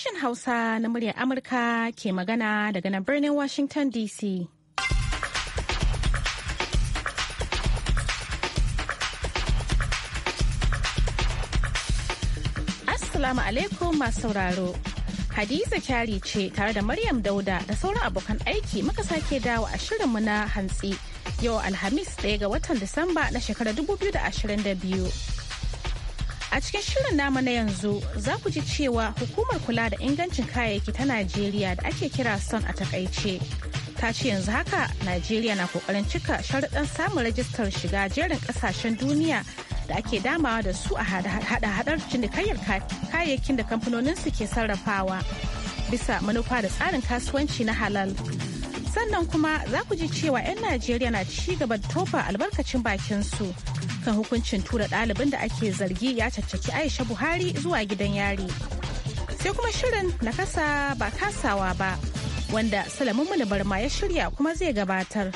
Sashen Hausa na muryar Amurka ke magana daga na birnin Washington DC. Assalamu alaikum masu sauraro. Hadiza kyari ce tare da Maryam Dauda da sauran abokan aiki muka sake dawo a shirinmu na hantsi yau Alhamis ɗaya ga watan Disamba na shekarar 2022. A cikin shirin nama na yanzu za ku ji cewa hukumar kula da ingancin kayayyaki ta Najeriya da ake kira son a takaice. Ta ce yanzu haka Najeriya na kokarin cika sharaɗan samun rajistar shiga jerin ƙasashen duniya da ake damawa da su a hada-hadar cinikayyar kayayyakin da kamfanonin su ke sarrafawa bisa manufa da tsarin kasuwanci na halal. Sannan kuma za ku ji cewa 'yan Najeriya na ci gaba da tofa albarkacin bakin su. kan hukuncin tura ɗaliban da ake zargi ya caccaki aisha buhari zuwa gidan yari sai kuma shirin na kasa ba kasawa ba wanda salamin barma ya shirya kuma zai gabatar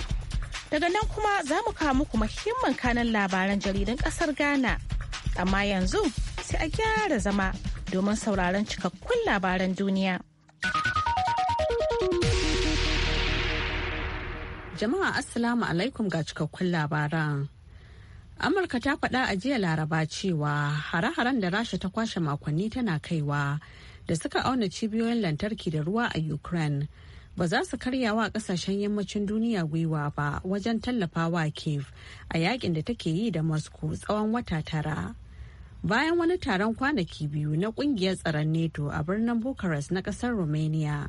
daga nan kuma za mu kawo muku muhimman kanan labaran jaridan ƙasar ghana amma yanzu sai a gyara zama domin sauraron cikakkun labaran duniya jama'a assalamu alaikum ga cikakkun labaran amurka ta faɗa a jiya laraba cewa hare-haren da rasha ta kwashe makonni tana kaiwa da suka auna cibiyoyin lantarki da ruwa a ukraine ba za su karya wa kasashen yammacin duniya gwiwa ba wajen tallafawa kiev a yakin da take yi da moscow tsawon wata tara bayan wani taron kwanaki biyu na kungiyar tsaron neto a birnin bucharest na kasar romania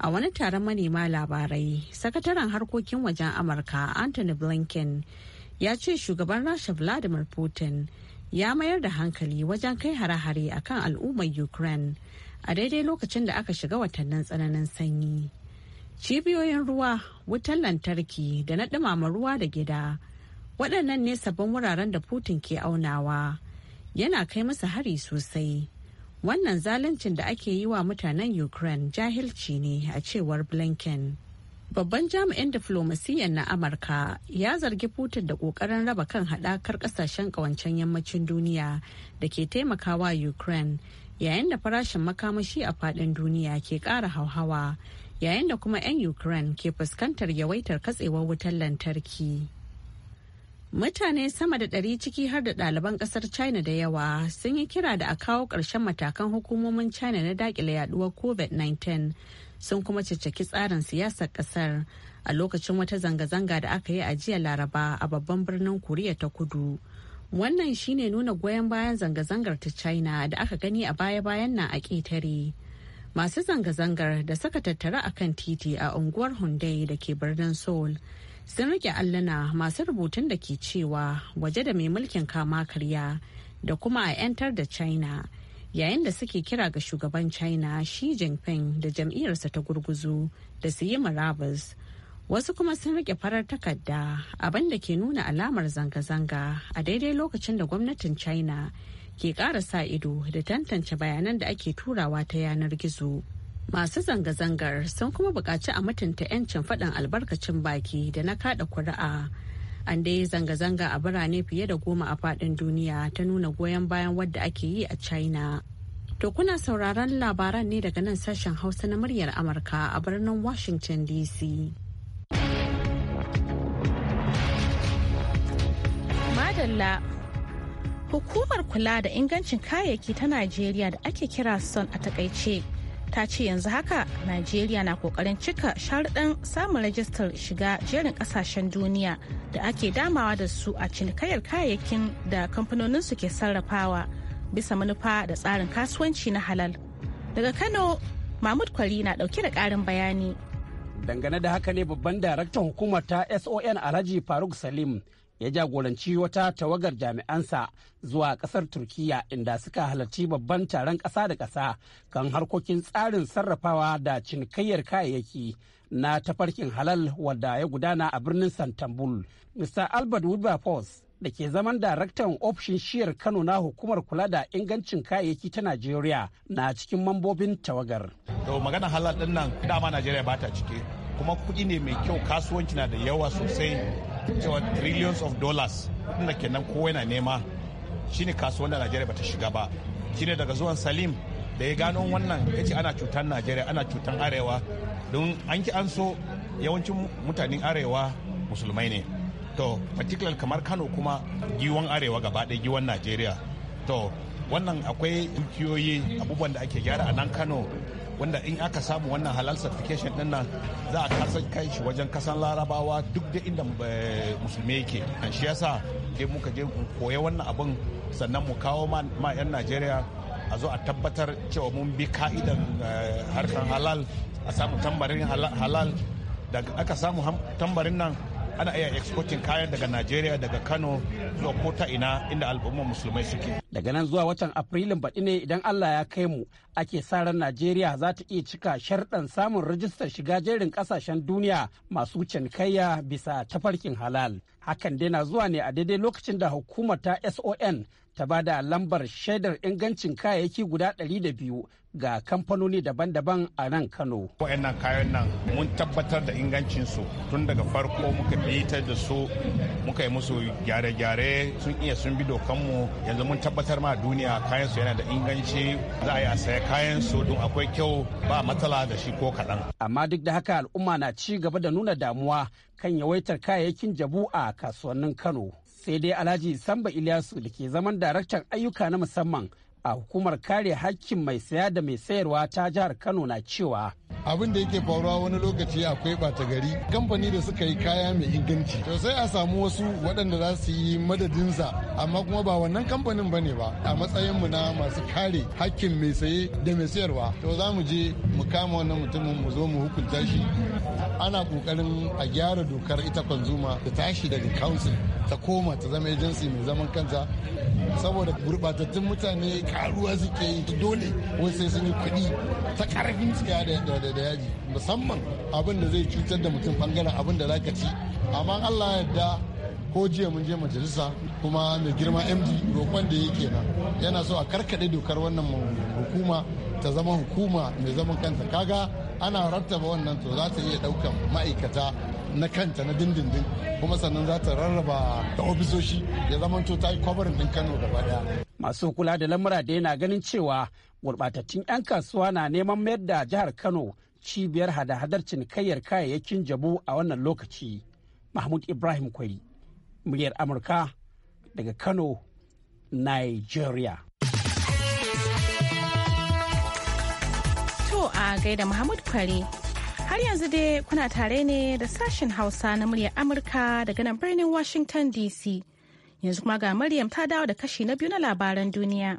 a wani taron manema labarai sakataren harkokin wajen amurka anthony blinken ya ce shugaban rasha vladimir putin ya mayar da hankali wajen kai hare-hare a kan al'ummar ukraine a daidai lokacin da aka shiga watannin tsananin sanyi cibiyoyin ruwa wutan lantarki da na ɗumama ruwa da gida waɗannan ne sabbin wuraren da putin ke aunawa yana kai masa hari sosai wannan zaluncin da ake yi wa mutanen ukraine jahilci ne a cewar blinken Babban jami'in diflomasiyyar na Amurka ya zargi Putin da kokarin raba kan haɗakar ƙasashen ƙawancen yammacin duniya da ke taimakawa Ukraine yayin da farashin makamashi a fadin duniya ke kara hauhawa yayin da kuma 'yan Ukraine ke fuskantar yawaitar katsewar wutar lantarki. Mutane sama da ɗari ciki har da ɗaliban ƙasar China da yawa sun yi kira da a kawo ƙarshen matakan hukumomin China na daƙile yaduwar COVID-19 sun kuma caccaki tsarin siyasar kasar a lokacin wata zanga-zanga da aka yi a jiya laraba a babban birnin koriya ta kudu wannan shine nuna goyon bayan zanga-zangar ta china da aka gani a baya-bayan nan a ƙetare masu zanga-zangar da suka tattara a kan titi a unguwar hundai da ke birnin sol sun rike alluna masu rubutun da ke cewa waje da mai mulkin kama karya da kuma a 'yantar da china yayin da suke kira ga shugaban china xi jinping da jam'iyyarsa ta gurguzu da su yi marabas wasu kuma sun rike farar takarda abin da ke nuna alamar zanga-zanga a daidai lokacin da gwamnatin china ke ƙara sa ido da tantance bayanan da ake turawa ta yanar gizo masu zanga-zangar sun kuma buƙaci a mutunta 'yancin faɗin albarkacin baki da na kaɗa kuri'a an dai zanga-zanga a birane fiye da goma a faɗin duniya ta nuna goyon bayan wadda ake yi a china to kuna sauraron labaran ne daga nan sashen hausa na muryar amurka a birnin washington dc madalla hukumar kula da ingancin kayayyaki ta najeriya da ake kira son a takaice ta ce yanzu haka najeriya na kokarin cika sharuɗan samun rajistar shiga jerin ƙasashen duniya da ake damawa da su a cinikayyar kayayyakin da kamfanoninsu ke sarrafawa bisa manufa da tsarin kasuwanci na halal daga kano mahmud kwari na ɗauke da ƙarin bayani dangane da haka ne babban daraktan hukumar ta son alhaji faruk salim ya jagoranci wata tawagar jami'ansa zuwa kasar turkiya inda suka halarci babban taron kasa da kasa kan harkokin tsarin sarrafawa da cinikayyar kayayyaki na tafarkin halal wadda ya gudana a birnin santambul mr albert wilberforce da ke zaman daraktan ofishin shiyar kano na hukumar kula da ingancin kayayyaki ta najeriya na cikin mambobin tawagar to magana halal din nan dama najeriya ba ta cike kuma kuɗi ne mai kyau kasuwanci na da yawa sosai cewa trillions of dollars kudin kenan kowa yana nema shine kasuwan da najeriya bata shiga ba shine daga zuwan salim da ya gano wannan ya ce ana cutar najeriya ana cutar arewa don an ki an so yawancin mutanen arewa musulmai ne to particular kamar kano kuma giwon arewa gaba ɗaya giwon najeriya to wannan akwai dukiyoyi abubuwan da ake gyara a nan kano wanda in aka samu wannan halal certification din nan za a kasar kai shi wajen kasan larabawa duk da inda eh, musulmi yake shi yasa dai muka je koya wannan abun sannan mu kawo ma 'yan najeriya a zo a tabbatar cewa mun bi ka'idan eh, harkar halal a samu tambarin halal daga aka samu tambarin nan ana iya exporting kayan daga najeriya daga kano zuwa ko ta ina inda al'ummar musulmai suke. Daga nan zuwa watan Afrilun baɗi ne idan Allah ya kai mu ake sa ran Najeriya za ta iya cika sharɗan samun rajistar shiga jerin ƙasashen duniya masu cinikayya bisa tafarkin halal. Hakan dai na zuwa ne a daidai lokacin da hukumar ta SON ta ba da lambar shaidar ingancin kayayyaki guda 200 ga kamfanoni daban-daban a nan kano wa'annan kayan nan mun tabbatar da ingancinsu tun daga farko muka bitar da su muka yi musu gyare-gyare sun iya sun bi dokanmu yanzu mun tabbatar ma duniya kayan yana da inganci za a yi a saya kayan don akwai kyau ba matsala da shi ko kaɗan amma duk da haka al'umma na ci gaba da nuna damuwa kan yawaitar kayayyakin jabu a kasuwannin kano sai dai alhaji samba ilyasu da ke zaman daraktan ayyuka na musamman a hukumar kare hakkin mai saya da mai sayarwa ta jihar kano na cewa abin da yake faruwa wani lokaci akwai bata gari kamfani da suka yi kaya mai inganci to sai a samu wasu waɗanda za su yi madadinsa amma kuma ba wannan kamfanin ba ne ba a matsayin mu na masu kare hakkin mai saye da mai sayarwa to za mu je mu kama wannan mutumin mu zo mu hukunta shi ana kokarin a gyara dokar ita kwanzuma da tashi daga council ta koma ta zama mai zaman kanta saboda gurɓatattun mutane karuwa suke yi ta dole wai sai sun yi kuɗi ta karfin tsiya da da yaji musamman abin da zai cutar da mutum bangaren abin da zaka ci amma allah ya yarda ko jiya mun je majalisa kuma mai girma md roƙon da yake na yana so a karkaɗe dokar wannan hukuma ta zama hukuma mai zaman kanta kaga ana rattaba wannan to za ta iya ɗaukan ma'aikata na kanta na dindindin kuma sannan za ta rarraba ta ofisoshi ya to ta yi kwabarin ɗin kano gaba daya masu kula da lamura da yana ganin cewa gurɓatattun 'yan kasuwa na neman mayar da jihar kano cibiyar hada-hadar cinikayyar kayayyakin jabu a wannan lokaci mahmud ibrahim kwari muryar amurka daga kano nigeria to a gaida mahmud kwari har yanzu dai kuna tare ne da sashen hausa na muryar amurka daga nan birnin washington dc Yanzu kuma ga Maryam ta dawo da kashi na biyu na labaran duniya.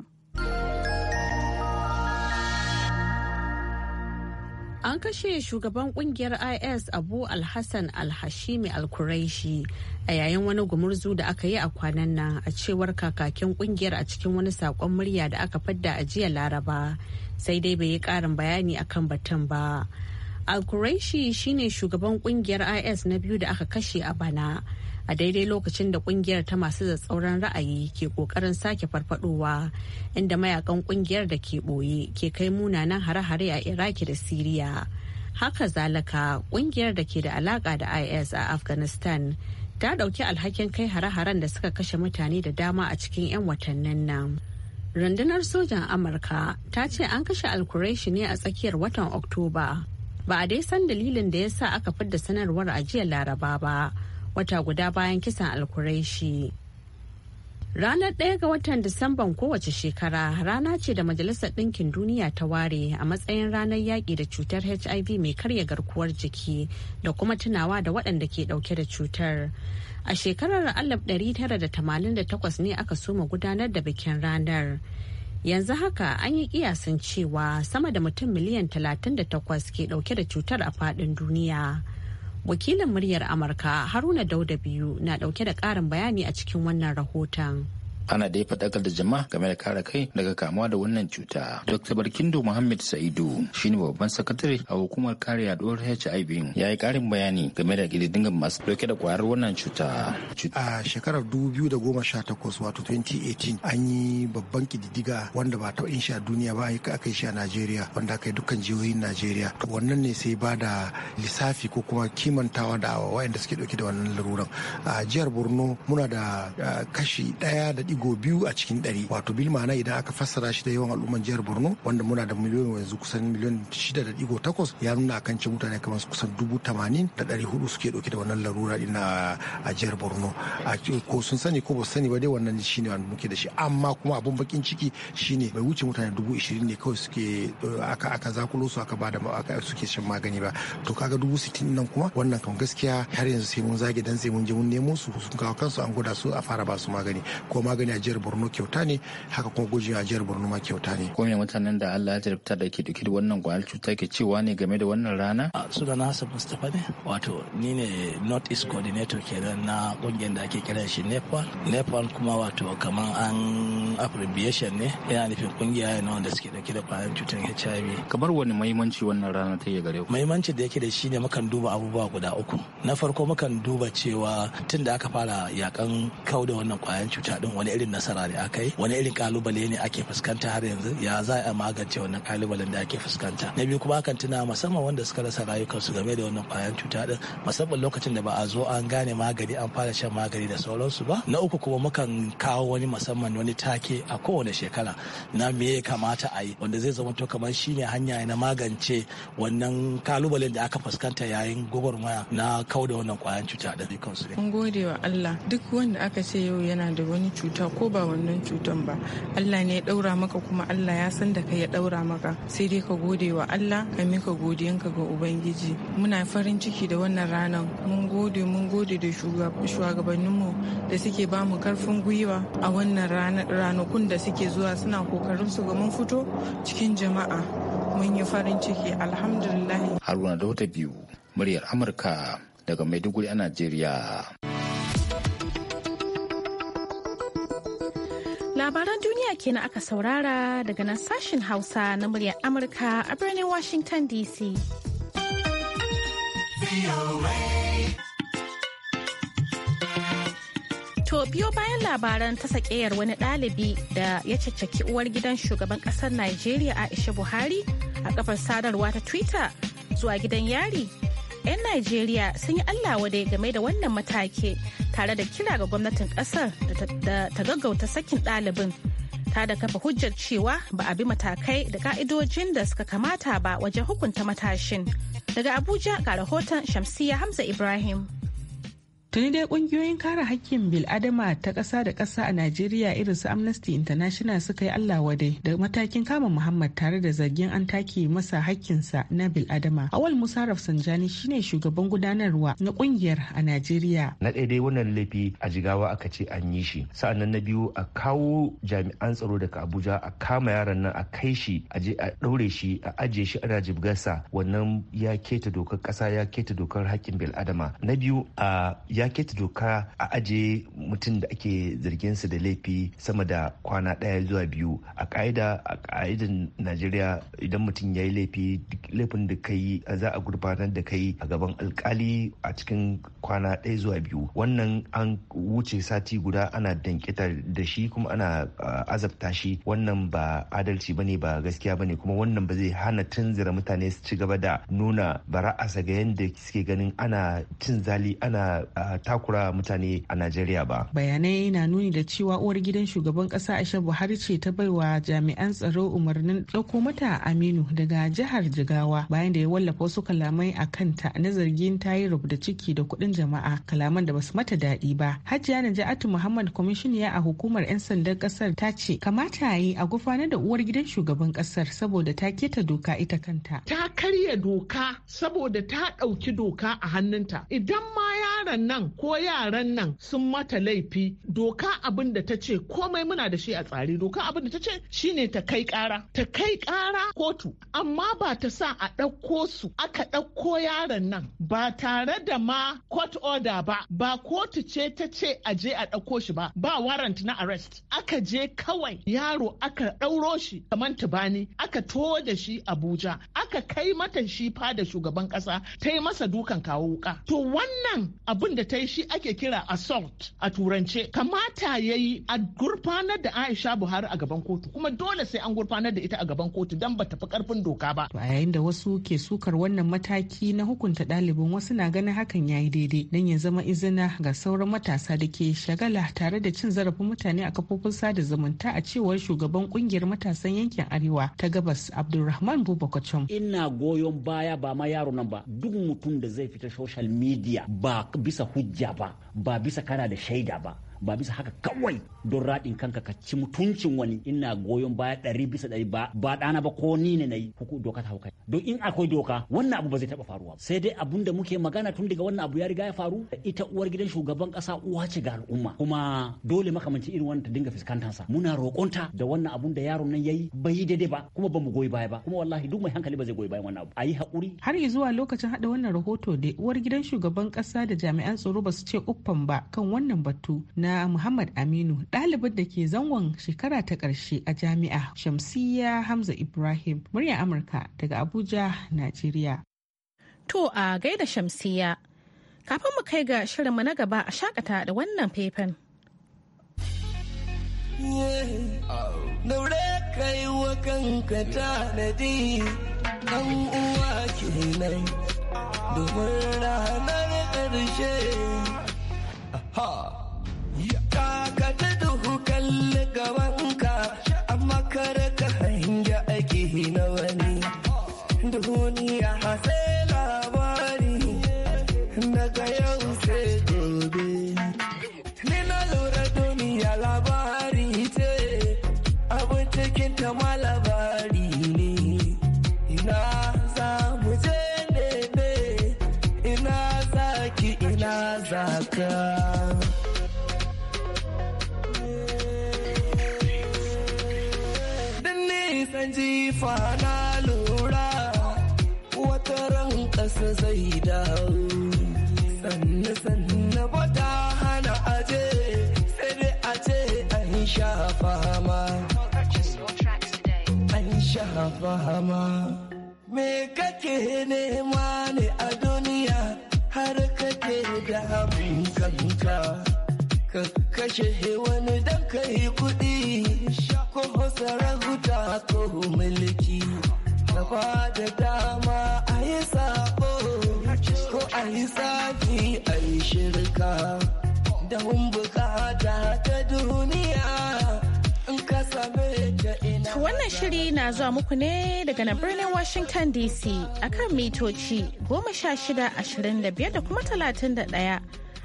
An kashe shugaban kungiyar IS Abu Alhassan Alhashimi Alkuraishi a yayin wani gumurzu da aka yi a kwanan nan a cewar kakakin kungiyar a cikin wani saƙon murya da aka fadda a jiya Laraba sai dai bai yi ƙarin bayani akan batun ba. Alkuraishi shine shugaban kungiyar IS na biyu da aka kashe a bana a daidai lokacin da kungiyar ta masu tsauran ra'ayi ke kokarin sake farfadowa inda mayakan kungiyar da ke boye ke kai munanan hare-hare a iraki da siriya haka zalaka kungiyar da ke da alaka da is a afghanistan ta dauki alhakin kai hare-haren da suka kashe mutane da dama a cikin 'yan watannin nan rundunar sojan amurka ta ce an kashe alkureshi ne a tsakiyar watan oktoba ba a dai san dalilin da ya sa aka fidda sanarwar a jiya laraba ba wata guda bayan kisan alkuraishi. Ranar ɗaya ga watan Disamban kowace shekara rana ce da Majalisar Ɗinkin Duniya ta ware a matsayin ranar yaƙi da cutar HIV mai karya garkuwar jiki da kuma tunawa da waɗanda ke ɗauke da cutar. A shekarar ɗari tara da 1988 ne aka soma gudanar da bikin ranar. Yanzu haka an yi kiyasin cewa sama da mutum miliyan 38 ke ɗauke da cutar a faɗin duniya. wakilin muryar amurka haruna dauda biyu na dauke da karin bayani a cikin wannan rahoton ana da ya da jama'a game da kare kai daga kamuwa da wannan cuta. Dr. Barkindo Muhammad Sa'idu shine babban sakatare a hukumar kare yaduwar HIV ya yi ƙarin bayani game da ƙididdigan masu ɗauke da ƙwayar wannan cuta. A shekarar 2018 wato 2018 an yi babban ƙididdiga wanda ba taɓa yin a duniya ba aka yi shi a Najeriya wanda aka yi dukkan jihohin Najeriya. To wannan ne sai ba da lissafi ko kuma kimantawa da wayanda suke ɗauke da wannan laruran. A jihar Borno muna da kashi ɗaya da digo biyu a cikin ɗari wato bil ma'ana idan aka fassara shi da yawan al'umman jihar borno wanda muna da miliyoyin yanzu kusan miliyon shida da digo takwas ya nuna kan ce mutane kamar kusan dubu tamanin da ɗari hudu suke ɗauke da wannan larura ɗin a jihar borno ko sun sani ko ba sani ba dai wannan shi ne wanda muke da shi amma kuma abun bakin ciki shi ne bai wuce mutane dubu ishirin ne kawai suke eh, aka aka zakulo su aka bada aka suke shan magani ba to kaga dubu sittin nan kuma wannan kan gaskiya har yanzu sai mun zage dan sai mun je mun nemo su sun kawo kansu an gwada su a fara ba su magani ko magani gani a jihar borno kyauta ne haka kuma gujewa a jihar borno ma kyauta ne ko me mutanen da allah ya jarabta da ke dauke da wannan gwal cuta ke cewa ne game da wannan rana suna na hassan mustapha ne wato ni ne north east coordinator kenan na kungiyar da ake kira shi nepal nepal kuma wato kamar an abbreviation ne yana nufin kungiya ne wanda suke dauke da kwayar cutar hiv kamar wani mahimmanci wannan rana ta yi gare ku mahimmanci da yake da shi ne mukan duba abubuwa guda uku na farko mukan duba cewa tun da aka fara yakan kau da wannan kwayar cuta din wani irin nasara ne aka yi wani irin kalubale ne ake fuskanta har yanzu ya za a magance wannan kalubalen da ake fuskanta na biyu kuma akan tuna musamman wanda suka rasa rayukansu game da wannan kwayan cuta din musamman lokacin da ba a zo an gane magani an fara shan magani da sauransu ba na uku kuma mukan kawo wani musamman wani take a kowane shekara na me ya kamata a yi wanda zai zama to kamar shine hanya na magance wannan kalubalen da aka fuskanta yayin gwagwarmaya na da wannan kwayan cuta da kansu ne. Mun gode wa Allah duk wanda aka ce yau yana da wani cuta cuta ko ba wannan cutan ba allah ne ya daura maka kuma allah ya san da ka ya daura maka sai dai ka gode wa allah ka mika godiyanka ga ubangiji muna farin ciki da wannan ranar mun gode mun gode da mu da suke ba mu karfin gwiwa a wannan ranakun da suke zuwa suna kokarin su ga mun fito cikin jama'a mun yi farin ciki alhamdulillah haruna da wata biyu muryar amurka daga maiduguri a najeriya Labaran duniya kenan aka saurara daga nan sashen Hausa na muryar Amurka a birnin Washington DC. To biyo bayan labaran ta sakeyar wani dalibi da ya caccaki uwar gidan shugaban kasar nigeria Aisha Buhari a kafar sadarwa ta Twitter zuwa gidan yari 'yan Najeriya sun yi Allah wadai game da wannan matake tare da kira ga gwamnatin kasar da ta gaggauta sakin ɗalibin ta da kafa hujjar cewa ba a bi matakai da ka'idojin da suka kamata ba wajen hukunta matashin. Daga Abuja ga rahoton Shamsiya Hamza Ibrahim. Tuni dai kungiyoyin kare hakkin bil'adama ta kasa da ƙasa a Najeriya irin su Amnesty International suka yi Allah wadai da matakin kama Muhammad tare da zargin an take masa hakkinsa na bil'adama. Awal Musa Rafsanjani shine shugaban gudanarwa na kungiyar a Najeriya. Na ɗaya dai wannan laifi a jigawa aka ce an yi shi. Sa'annan na biyu a kawo jami'an tsaro daga Abuja a kama yaron nan a kai shi a je a ɗaure shi a ajiye shi ana jibgarsa wannan ya keta dokar ƙasa ya keta dokar hakkin bil'adama. Na biyu a ya doka a aje mutum da ake zargin su da laifi sama da kwana ɗaya zuwa biyu a ka'ida a ka'idan najeriya idan mutum ya yi laifi laifin da kai za a gurbatar da kai a gaban alkali a cikin kwana ɗaya zuwa biyu wannan an wuce sati guda ana dankita da shi kuma ana azabta shi wannan ba adalci ne ba gaskiya ne kuma wannan ba zai hana tunzira mutane su ci gaba da nuna bara'asa ga yadda suke ganin ana cin zali ana takura mutane a Najeriya ba. Bayanai na nuni da cewa uwar gidan shugaban kasa Aisha Buhari ce ta baiwa jami'an tsaro umarnin ɗauko mata Aminu daga jihar Jigawa bayan da ya wallafa wasu kalamai a kanta na zargin ta yi rubuta ciki da kuɗin jama'a kalaman da basu mata daɗi ba. Hajiya Naja'atu Muhammad kwamishiniya a hukumar 'yan sandan ƙasar ta ce kamata yi a gufanar da uwar gidan shugaban ƙasar saboda ta keta doka ita kanta. Ta karya doka saboda ta ɗauki doka a hannunta. Idan ma Yaran nan ko yaran nan sun mata laifi doka abin da ta ce komai muna da shi a tsari doka abin da ta ce shine ta kai kara ta kai kara kotu amma ba ta sa a ɗauko su aka ɗauko yaran nan ba tare da ma court order ba ba kotu ce ta ce a je a ɗauko shi ba ba warrant na arrest aka je kawai yaro aka ɗauro shi kamar tubani aka to da shi abuja aka kai mata shi fada shugaban ƙasa ta yi masa dukan kawo wuka to wannan abin da ta yi shi ake kira assault a turance kamata ya yi a gurfanar da aisha buhari a gaban kotu kuma dole sai an gurfanar da ita a gaban kotu don ba tafi karfin doka ba a yayin da wasu ke sukar wannan mataki na hukunta ɗalibin wasu na ganin hakan ya yi daidai don ya zama izina ga sauran matasa da ke shagala tare da cin zarafin mutane a kafofin sada zumunta a cewar shugaban kungiyar matasan yankin arewa ta gabas abdulrahman bubakacin ina goyon baya ba ma yaro nan ba duk mutum da zai fita social media ba bisa hujja ba ba bisa kana da shaida ba ba bisa haka kawai don raɗin kanka ka ci mutuncin wani ina goyon baya ɗari bisa ɗari ba ba ɗana ba ko ni ne na yi ku doka ta hauka don in akwai doka wannan abu ba zai taɓa faruwa sai dai abun da muke magana tun daga wannan abu ya riga ya faru ita uwar gidan shugaban kasa uwa ce ga al'umma kuma dole makamanci irin wannan ta dinga sa muna roƙonta da wannan abun da yaron nan yayi bai yi daidai ba kuma ba mu goyi baya ba kuma wallahi duk mai hankali ba zai goyi bayan wannan abu ayi haƙuri har zuwa lokacin haɗa wannan rahoto da uwar gidan shugaban ƙasa da jami'an tsaro ba su ce uffan ba kan wannan batu na Muhammad Aminu ɗalibin da ke zangon shekara ta ƙarshe a jami'a Shamsiyya Hamza Ibrahim murya Amurka daga Abuja, Najeriya. To a gaida Shamsiyya, kafin mu kai ga shirinmu na gaba a shakata da wannan faifan. Daure kai wa kanka tanadi, ɗan uwa kenan, domin ranar ƙarshe. Ha! kada duhu kalli gabanka amma kare ka hangi aiki na wani duniya hasai daren jifa na lura wata ran ƙasa zai dawo sanna sanna ba ta hana aje sai dai a ce an sha fama an sha fama me kake nema ne a duniya har kake da abin kanka ka kashe wani dan ka yi kuɗi ko sarahuta ko mulki na da dama a yi sabo ko a yi tsafi a yi shirka da bukata ta duniya in ka same ta ina wannan shiri na zuwa muku ne daga nan birnin washington dc akan mitoci goma sha shida, ashirin da biyar, da kuma talatin da 31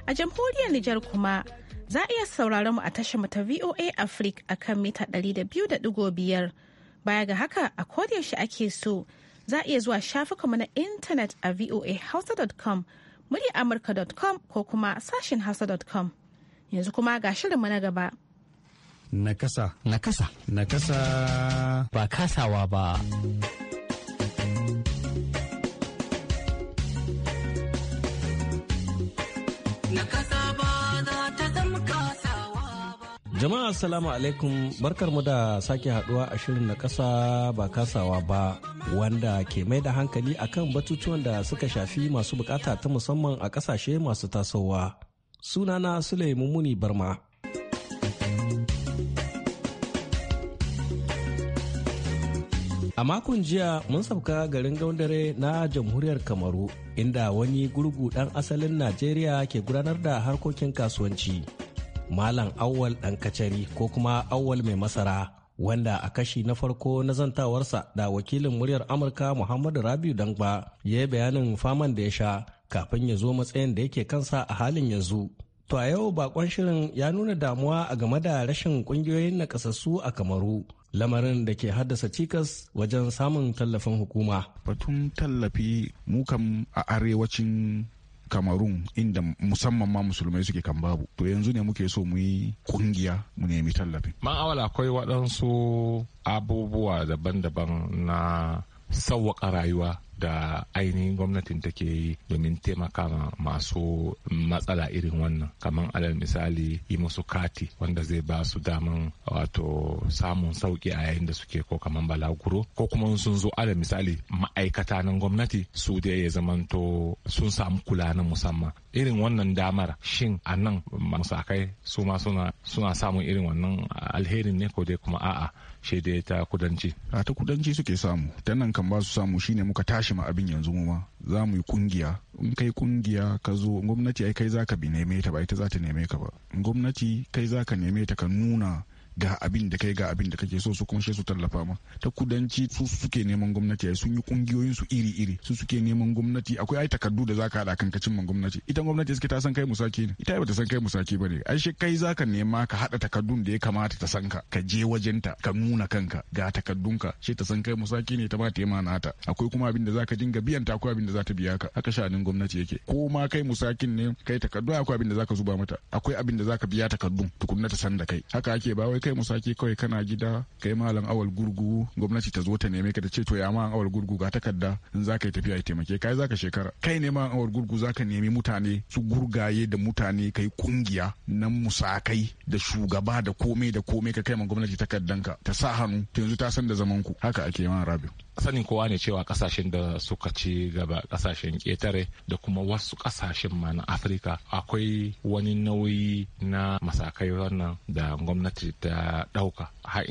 A jamhuriyar Nijar kuma za a iya sauraron mu a tashar mu ta VOA Africa a kan mita 200.5. Baya ga haka a yaushe ake so za a iya zuwa shafukanmu na intanet a voahausa.com, muryaamurka.com ko kuma sashin hausa.com. Yanzu kuma ga shirinmu na gaba. Nakasa. Nakasa. Nakasa. Ba kasawa ba. Jama'a salamu alaikum mu da sake haduwa a shirin na kasa ba kasawa ba wanda ke mai da hankali akan batutuwan da suka shafi masu bukata ta musamman a kasashe masu tasowa. Sunana Sule Mummuni Barma. A makon jiya mun sauka garin gaundare na jamhuriyar Kamaru inda wani gurgu dan asalin Najeriya ke gudanar da harkokin kasuwanci. malam awwal dan kacari ko kuma awwal mai masara wanda a kashi na farko na zantawarsa da wakilin muryar amurka muhammadu rabiu dangba ya yi bayanin faman da ya sha kafin ya zo matsayin da yake kansa a halin yanzu To a yau bakon shirin ya nuna damuwa a game da rashin kungiyoyin nakasassu a Kamaru. lamarin da ke haddasa cikas wajen samun tallafin hukuma. Batun tallafi mukan a arewacin cameroon inda musamman ma musulmai suke kan babu to yanzu ne muke so mu yi kungiya mu nemi tallafi ma'awala akwai waɗansu abubuwa daban-daban na sauwaƙa rayuwa da ainihin gwamnatin take yi domin taimaka masu matsala irin wannan kamar alal misali yi musu kati wanda zai ba su daman wato samun sauki a yayin da suke ko kamar balaguro ko kuma sun zo alal misali ma'aikata na gwamnati su da ya zamanto sun samu kula na musamman irin wannan damar shin a nan musakai su ma suna samun irin wannan alherin ne ko dai kuma a'a ce da ta kudanci. A ta kudanci suke samu, ta nan kan ba su samu shine muka tashi ma abin yanzu mu ma za mu yi kungiya. In kai kungiya ka zo gwamnati ai kai za ka bi neme ta ba ita za ta neme ka ba. Gwamnati kai za ka neme ta ka nuna ga abin da kai ga abin da kake so su kuma shi su tallafa ma ta kudanci su suke neman gwamnati sun yi kungiyoyin su iri iri su suke neman gwamnati akwai ai takardu da zaka hada kan kacin gwamnati ita gwamnati suke ta san kai musaki ne ita bata san kai musaki bane ai shi kai zaka nema ka hada takardun da ya kamata ta san ka ka je wajenta ka nuna kanka ga takardunka shi ta san kai musaki ne ta ba ta mana nata akwai kuma abin da zaka dinga biyan ta akwai abin da za biya ka haka sha'anin gwamnati yake ko ma kai musakin ne kai takardu akwai abin da zaka zuba mata akwai abin da zaka biya takardun tukunna ta san da kai haka ake ba wai kai mu musaki kawai kana gida kai malam awal gurgu gwamnati ta zo ta neme ka ta ce to ya ma awal gurgu ga takarda in za ka yi tafiya ya taimake kai za ka shekara kai ne ma awal gurgu za ka nemi mutane su gurgaye da mutane ka yi kungiya na musakai da shugaba da komai da komai ka kai ma gwamnati takardanka ta sa hannu ta yanzu ta san da zaman ku haka ake ma rabiu sanin kowa ne cewa kasashen da suka ci gaba kasashen ƙetare da kuma wasu kasashen ma na afirka akwai wani nauyi na masakai wannan da gwamnati ta ɗauka har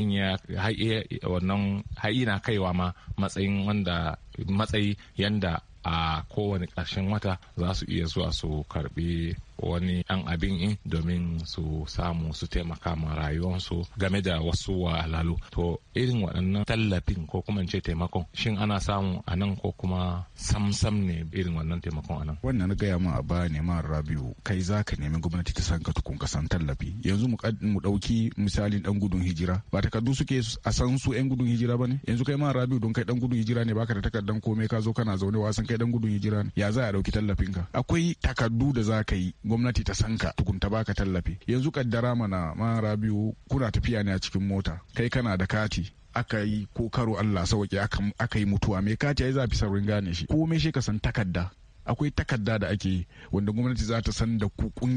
ina na kaiwa ma matsayin wanda matsayi yanda a kowane ƙarshen wata za su iya zuwa su karbi wani ɗan abin in domin su samu su taimaka ma rayuwarsu game da wasu wahalalu to irin waɗannan tallafin ko kuma ce taimakon shin ana samu a nan ko kuma samsam ne irin wannan taimakon a nan wannan gaya ma a baya ne ma rabiu kai za ka nemi gwamnati ta san ka tukun ka san tallafi yanzu mu ɗauki misalin ɗan gudun hijira ba takardu suke a san su 'yan gudun hijira ba ne yanzu kai ma rabiu don kai ɗan gudun hijira ne baka da takardan komai ka zo kana zaune wasan kai ɗan gudun hijira ne ya za a ɗauki tallafin ka akwai takardu da za ka yi gwamnati ta sanka tukun ta baka tallafi yanzu kaddara mana ma rabiu kuna tafiya ne a cikin mota kai kana da kati aka yi ko karo Allah sauki aka yi mutuwa mai kati ya zafi saurin gane shi komai shi ka san takarda akwai takarda da ake wanda gwamnati za ta san da ku ku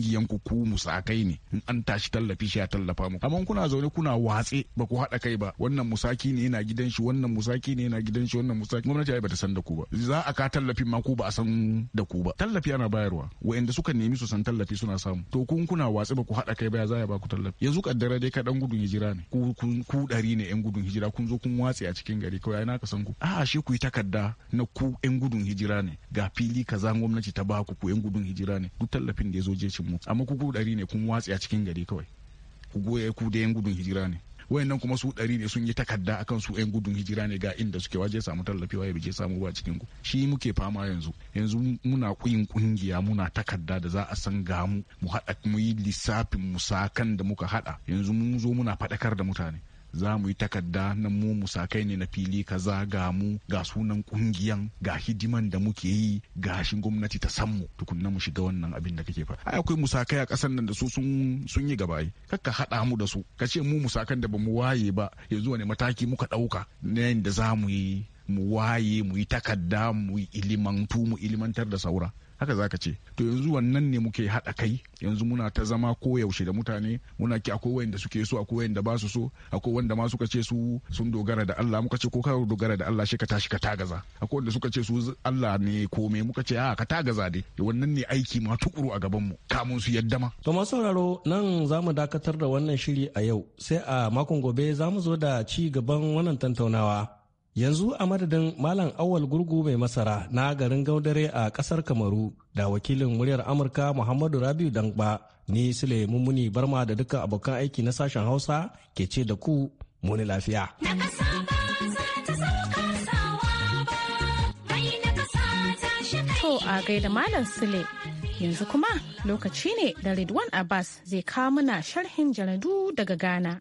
ku musakai ne in an tashi tallafi shi ya tallafa mu amma kuna zaune kuna watse ba ku haɗa kai ba wannan musaki ne yana gidan shi wannan musaki ne yana gidan shi wannan musaki gwamnati ai bata san da ku ba za a ka tallafin ma ku ba a san da ku ba tallafi ana bayarwa wa'anda suka nemi su san tallafi suna samu to kun kuna watse ba ku haɗa kai ba ya za ya ba ku tallafi yanzu kaddara dai ka dan gudun hijira ne ku ku ɗari ne yan gudun hijira kun zo kun watse a cikin gari kawai na ka san ku a'a shi ku yi takarda na ku yan gudun hijira ne ga fili ka kaza gwamnati ta ba ku yan gudun hijira ne duk tallafin da ya zo jecin mu amma ku ɗari ne kun watsi a cikin gari kawai ku goya ku da yan gudun hijira ne wayannan kuma su ɗari ne sun yi takarda akan su yan gudun hijira ne ga inda suke waje samu tallafi waye bai samu ba cikin ku shi muke fama yanzu yanzu muna kuyin kungiya muna takarda da za a san ga mu mu haɗa mu yi lissafin musakan da muka haɗa yanzu mun zo muna faɗakar da mutane za mu yi takarda na mu musakai ne na fili kaza ga mu ga sunan kungiyan ga hidiman da muke yi ga shi gwamnati ta san mu tukunna mu shiga wannan abin da kake faɗa akwai musakai a ƙasar nan da su sun sun yi gaba kakka haɗa mu da su ka ce mu musakan da ba mu waye ba yanzu wani mataki muka ɗauka na da za mu yi mu waye mu yi takarda mu yi ilimantu mu ilimantar da saura haka zaka ce to yanzu wannan ne muke haɗa kai yanzu muna ta zama ko yaushe da mutane muna ki akwai wanda suke so akwai wanda ba su so akwai wanda ma suka ce su sun dogara da Allah muka ce ko ka dogara da Allah shi ka tashi ka tagaza akwai wanda suka ce su Allah ne me muka ce a ka tagaza dai wannan ne aiki ma tukuru a gaban mu kamun su yadda ma to masu sauraro nan za mu dakatar da wannan shiri a yau sai a makon gobe za mu zo da ci gaban wannan tantaunawa yanzu a madadin malam awal gurgu mai masara na garin gaudare a kasar kamaru da wakilin muryar amurka muhammadu rabiu danba ni sule mummuni barma da duka abokan aiki na sashen hausa ke ce da ku muni lafiya to a gaida malam sule yanzu kuma lokaci ne da ridwan abbas zai kawo mana sharhin jaradu daga ghana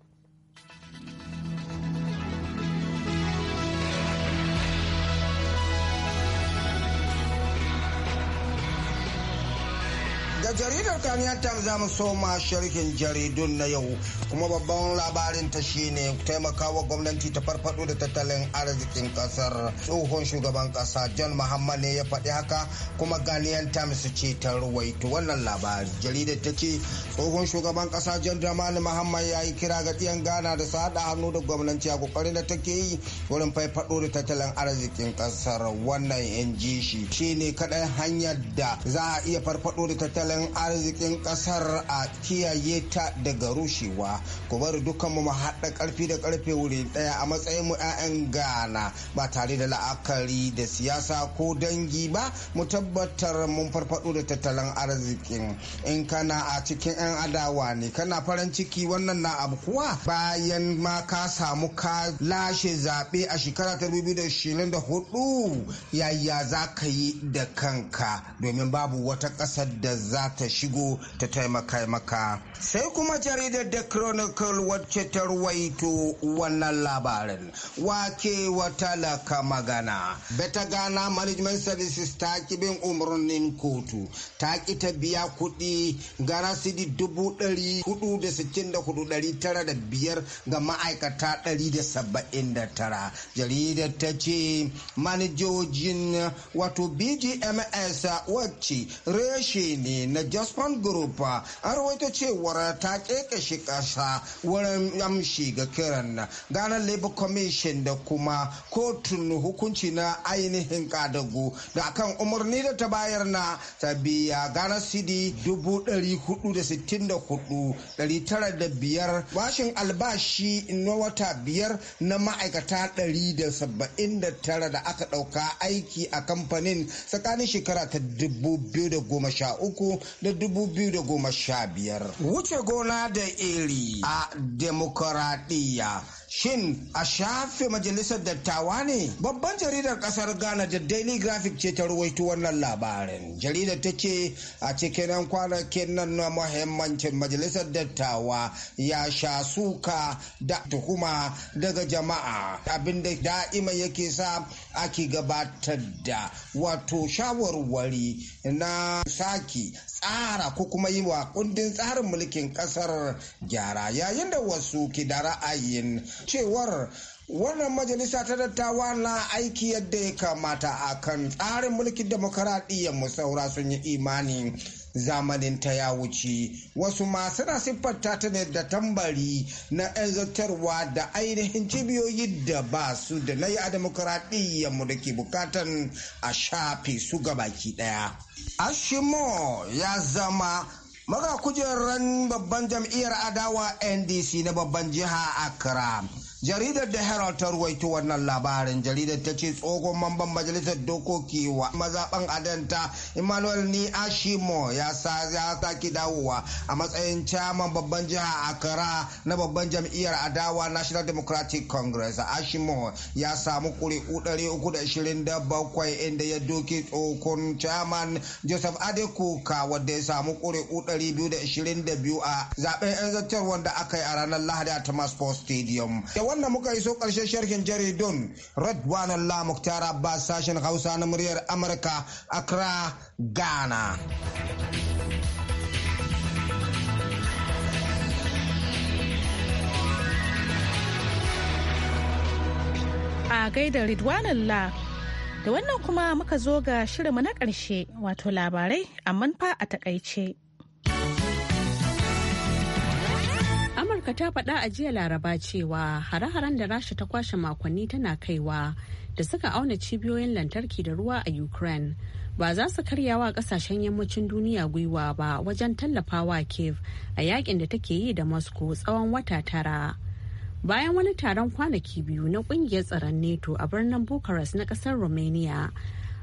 Da jaridar Ghanaian Times za mu soma sharhin jaridun na yau kuma babban labarin ta shine taimakawa gwamnati ta farfado da tattalin arzikin kasar. Tsohon shugaban kasa John Muhammad ne ya faɗi haka kuma Ghanaian Times ce ta ruwaito wannan labari. Jaridar ta ce tsohon shugaban kasa John Dramani Muhammad ya yi kira ga tsiyan Ghana da su haɗa hannu da gwamnati a kokarin da take yi wurin faifado da tattalin arzikin kasar wannan in ji shi shine kaɗai hanyar da za a iya farfado da tattalin tattalin arzikin kasar a kiyaye ta daga rushewa ku bari dukkan mu haɗa karfi da karfe wuri ɗaya a matsayin mu 'ya'yan Gana, ba tare da la'akari da siyasa ko dangi ba mu tabbatar mun farfado da tattalin arzikin in kana a cikin 'yan adawa ne kana farin ciki wannan na abu kuwa bayan ma ka samu ka lashe zaɓe a shekara ta 2024 yaya za ka yi da kanka domin babu wata ƙasar da za ta shigo ta taimaka maka sai kuma jaridar da chronicle wacce ta ruwaito wannan labarin wake wata laka magana beta gana management services ta bin umarnin kotu ta ki ta biya kuɗi ga rasidi dubu dari hudu da sittin da hudu dari tara da biyar ga ma'aikata dari da saba'in da tara jaridar ta ce manajojin wato bgms wacce reshe ne na na Jospon Group an rawaito cewar ta kekashe ƙasa wurin amshi ga kiran Ghana Labour Commission da kuma kotun hukunci na ainihin kadago da akan umarni da ta bayar na ta biya Ghana City dubu ɗari hudu da sittin da hudu ɗari tara da biyar bashin albashi na wata biyar na ma'aikata ɗari da saba'in da tara da aka ɗauka aiki a kamfanin tsakanin shekara ta dubu biyu da goma sha uku da dubu biyu da goma sha biyar. Wuce gona da iri a demokaradiyya shin a shafe majalisar dattawa ne babban jaridar kasar ghana da daily graphic ce ta ruwaito wannan labarin jaridar ta ce a cikin yan kwanakin nan na mahimmancin majalisar dattawa ya sha suka da tuhuma daga jama'a abinda da'ima yake sa ake gabatar da wato shawarwari na saki tsara ko kuma yi wa kundin tsarin mulkin kasar gyara yayin da wasu ke da ra'ayin cewar wannan majalisa ta dattawa na aiki yadda ya kamata a kan tsarin mulkin demokaradiyyar mu saura sun yi imani zamanin ta ya wuce wasu ma suna siffanta ta ne da tambari na 'yan zartarwa da ainihin cibiyoyi da ba su da na yi a demokaradiyyar mu da ke bukatan a shafe su gabaki daya ashimo ya zama Maga kujerar babban jam'iyyar adawa NDC na babban jiha akra jaridar da herald ta ruwaito wannan labarin jaridar ta ce tsohon mamban majalisar dokoki wa mazaban adanta emmanuel ni ashimo ya sake dawowa a matsayin caman babban jiha akara na babban jam'iyyar adawa national democratic congress ashimo ya samu kuri'u 327 inda ya doke tsohon chairman joseph adekuka wadda ya samu kuri'u 222 a zaben yan zartar wanda aka yi a ranar lahadi a thomas stadium wannan muka iso karshen sharhin jaridun Radwan Allah Muktar Abbas sashen Hausa na muryar Amurka Accra Ghana. A gaida Ridwan Allah da wannan kuma muka zo ga shirinmu na ƙarshe wato labarai amma fa a takaice. amurka ta faɗa a jiya laraba cewa hare-haren da rasha ta kwashe makonni tana kaiwa da suka auna cibiyoyin lantarki da ruwa a ukraine ba za su karya wa kasashen yammacin duniya gwiwa ba wajen tallafawa kiev a yakin da take yi da moscow tsawon wata tara bayan wani taron kwanaki biyu na kungiyar tsaron nato a birnin bucharest na kasar romania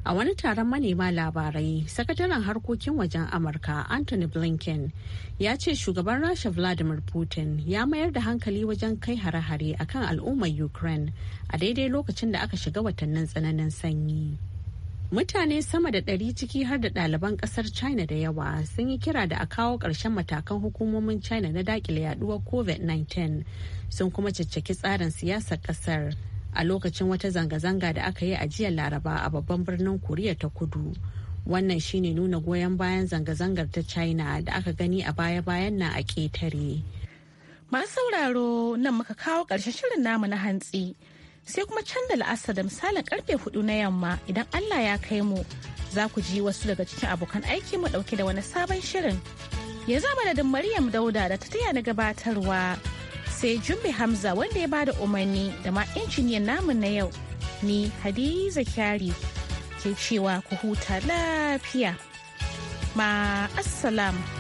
A wani taron manema labarai, sakataren harkokin wajen Amurka Anthony Blinken ya ce shugaban Rasha Vladimir Putin ya mayar da hankali wajen kai hare-hare a kan al'ummar Ukraine a daidai lokacin da aka shiga watannin tsananin sanyi. Mutane sama da ɗari ciki har da ɗaliban ƙasar China da yawa sun yi kira da a kawo ƙarshen matakan hukumomin China na daƙile yaduwar COVID-19 sun kuma cicciki tsarin siyasar ƙasar. a lokacin wata zanga-zanga da aka yi a jiya laraba a babban birnin koriya ta kudu wannan shine nuna goyon bayan zanga-zangar ta china da aka gani a baya-bayan na a ƙetare masu sauraro nan muka kawo ƙarshen shirin namu na hantsi sai kuma can da la'asar da misalin karfe hudu na yamma idan allah ya kai mu za ku ji wasu daga cikin abokan aiki mu dauke da wani sabon shirin yanzu madadin maryam dauda da ta taya na gabatarwa sai jumbe hamza wanda ya bada umarni da ma injiniyan namu na yau ni hadiza kyari ke cewa ku huta lafiya ma